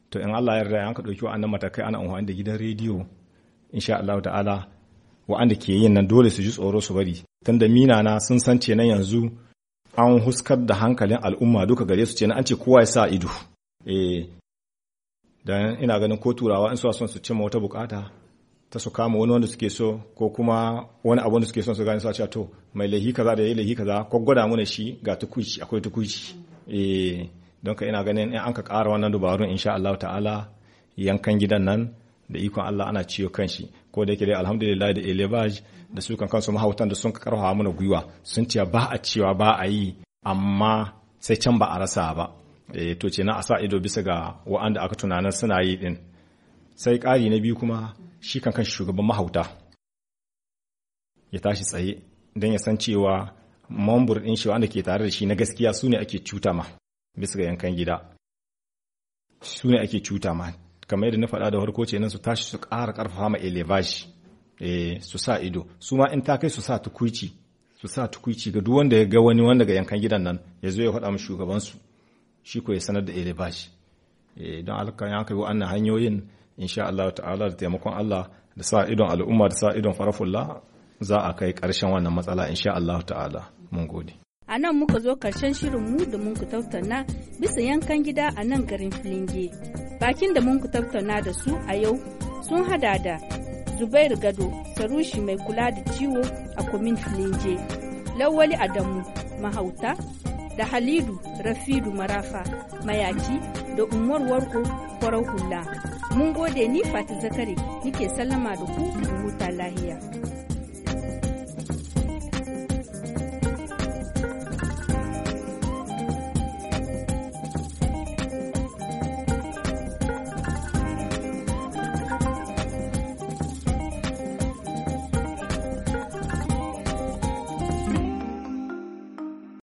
to in Allah ya yarda an ka ɗauki wa'annan matakai ana unhuwa da gidan rediyo insha Allah ta'ala wa'anda ke yin nan dole su ji tsoro su bari tunda mina na sun san ce nan yanzu an huskar da hankalin al'umma duka gare su ce na an ce kowa ya sa ido eh dan ina ganin ko turawa in su son su cimma wata bukata ta su kama wani wanda suke so ko kuma wani abu da suke so su gani sa to mai laihi kaza da yayi laihi kaza ko gwada mana shi ga tukuci akwai tukuci eh don ka ina ganin in an ka ƙara wannan dubarun insha Allah ta'ala yankan gidan nan da ikon Allah ana ciyo kan shi ko da yake dai alhamdulillah da elevage da su kan kansu mahautan da sun karfafa mana gwiwa sun ce ba a cewa ba a yi amma sai can ba a rasa ba eh to ce na a sa ido bisa ga wa'anda aka tunanin suna yi din sai ƙari na biyu kuma shi kan kan shugaban mahauta ya tashi tsaye don ya san cewa mambur ɗin shi wanda ke tare da shi na gaskiya su ne ake cuta ma bisa ga yankan gida su ne ake cuta ma kamar yadda na faɗa da farko ce nan su tashi su ƙara ƙarfafa ma elevage eh, su sa ido su ma in ta kai su sa tukuici su sa tukuici ga duk wanda ya ga wani wanda ga yankan gidan nan ya zo ya faɗa shugaban shugabansu shi ko ya sanar da elevashi eh, don alkan ya kai wa'annan hanyoyin insha Allah ta'ala da taimakon Allah da sa idon al'umma da sa idon farafulla za a kai ƙarshen wannan matsala insha Allah ta'ala mun gode a nan muka zo karshen shirin mu da mun ku bisa yankan gida a nan garin filinge bakin da mun ku da su a yau sun hada da zubairu gado sarushi mai kula da ciwo a kwamin filinge lawali adamu mahauta da halidu rafidu marafa mayaki da umar warko farar hula mun gode ni fati zakari nike sallama da ku huta lahiya